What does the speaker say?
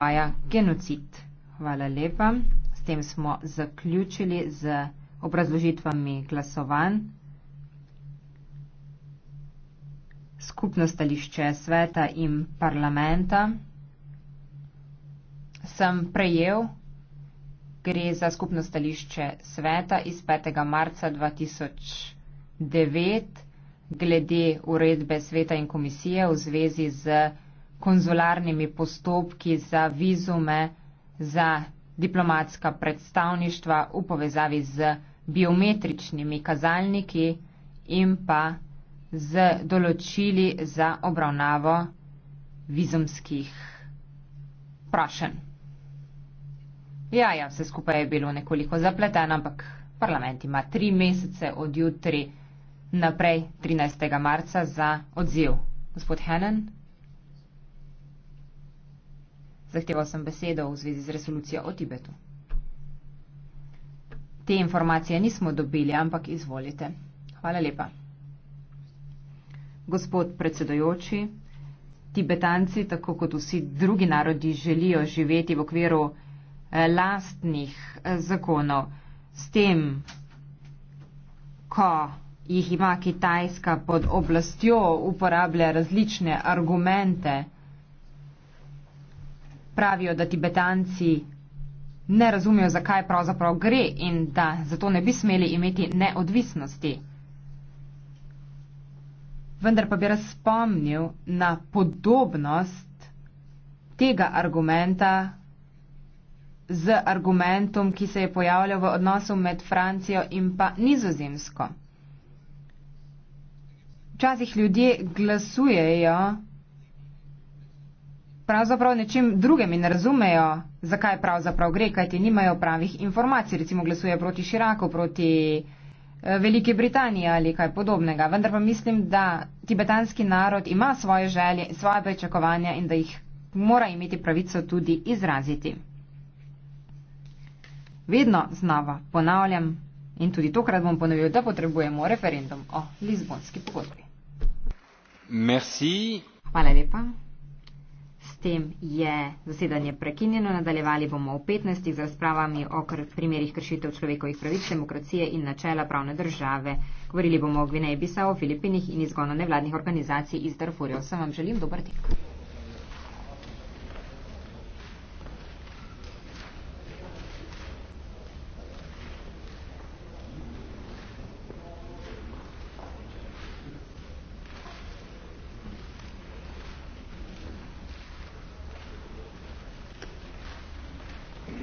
obstaja genocid. Hvala lepa. S tem smo zaključili z obrazložitvami glasovanj. Skupno stališče sveta in parlamenta sem prejel. Gre za skupno stališče sveta iz 5. marca 2009 glede uredbe sveta in komisije v zvezi z konzularnimi postopki za vizume, za diplomatska predstavništva v povezavi z biometričnimi kazalniki in pa z določili za obravnavo vizumskih vprašanj. Ja, ja, vse skupaj je bilo nekoliko zapleteno, ampak parlament ima tri mesece od jutri naprej, 13. marca, za odziv. Gospod Henen, Zahteval sem besedo v zvezi z resolucijo o Tibetu. Te informacije nismo dobili, ampak izvolite. Hvala lepa. Gospod predsedojoči, Tibetanci, tako kot vsi drugi narodi, želijo živeti v okviru eh, lastnih eh, zakonov. S tem, ko jih ima Kitajska pod oblastjo, uporablja različne argumente pravijo, da Tibetanci ne razumejo, zakaj pravzaprav gre in da zato ne bi smeli imeti neodvisnosti. Vendar pa bi razpomnil na podobnost tega argumenta z argumentom, ki se je pojavljal v odnosu med Francijo in pa Nizozemsko. Včasih ljudje glasujejo, pravzaprav nečem drugem in ne razumejo, zakaj pravzaprav gre, kajti nimajo pravih informacij, recimo glasujejo proti Širaku, proti eh, Velike Britanije ali kaj podobnega. Vendar pa mislim, da tibetanski narod ima svoje želje, svoje pričakovanja in da jih mora imeti pravico tudi izraziti. Vedno znova ponavljam in tudi tokrat bom ponovil, da potrebujemo referendum o Lizbonski pogodbi. Merci. Hvala lepa tem je zasedanje prekinjeno. Nadaljevali bomo v 15. z razpravami o kr primerih kršitev človekovih pravic, demokracije in načela pravne države. Govorili bomo o Gvineji Bisao, Filipinih in izgonu nevladnih organizacij iz Darfurja. Vsem vam želim dober tek.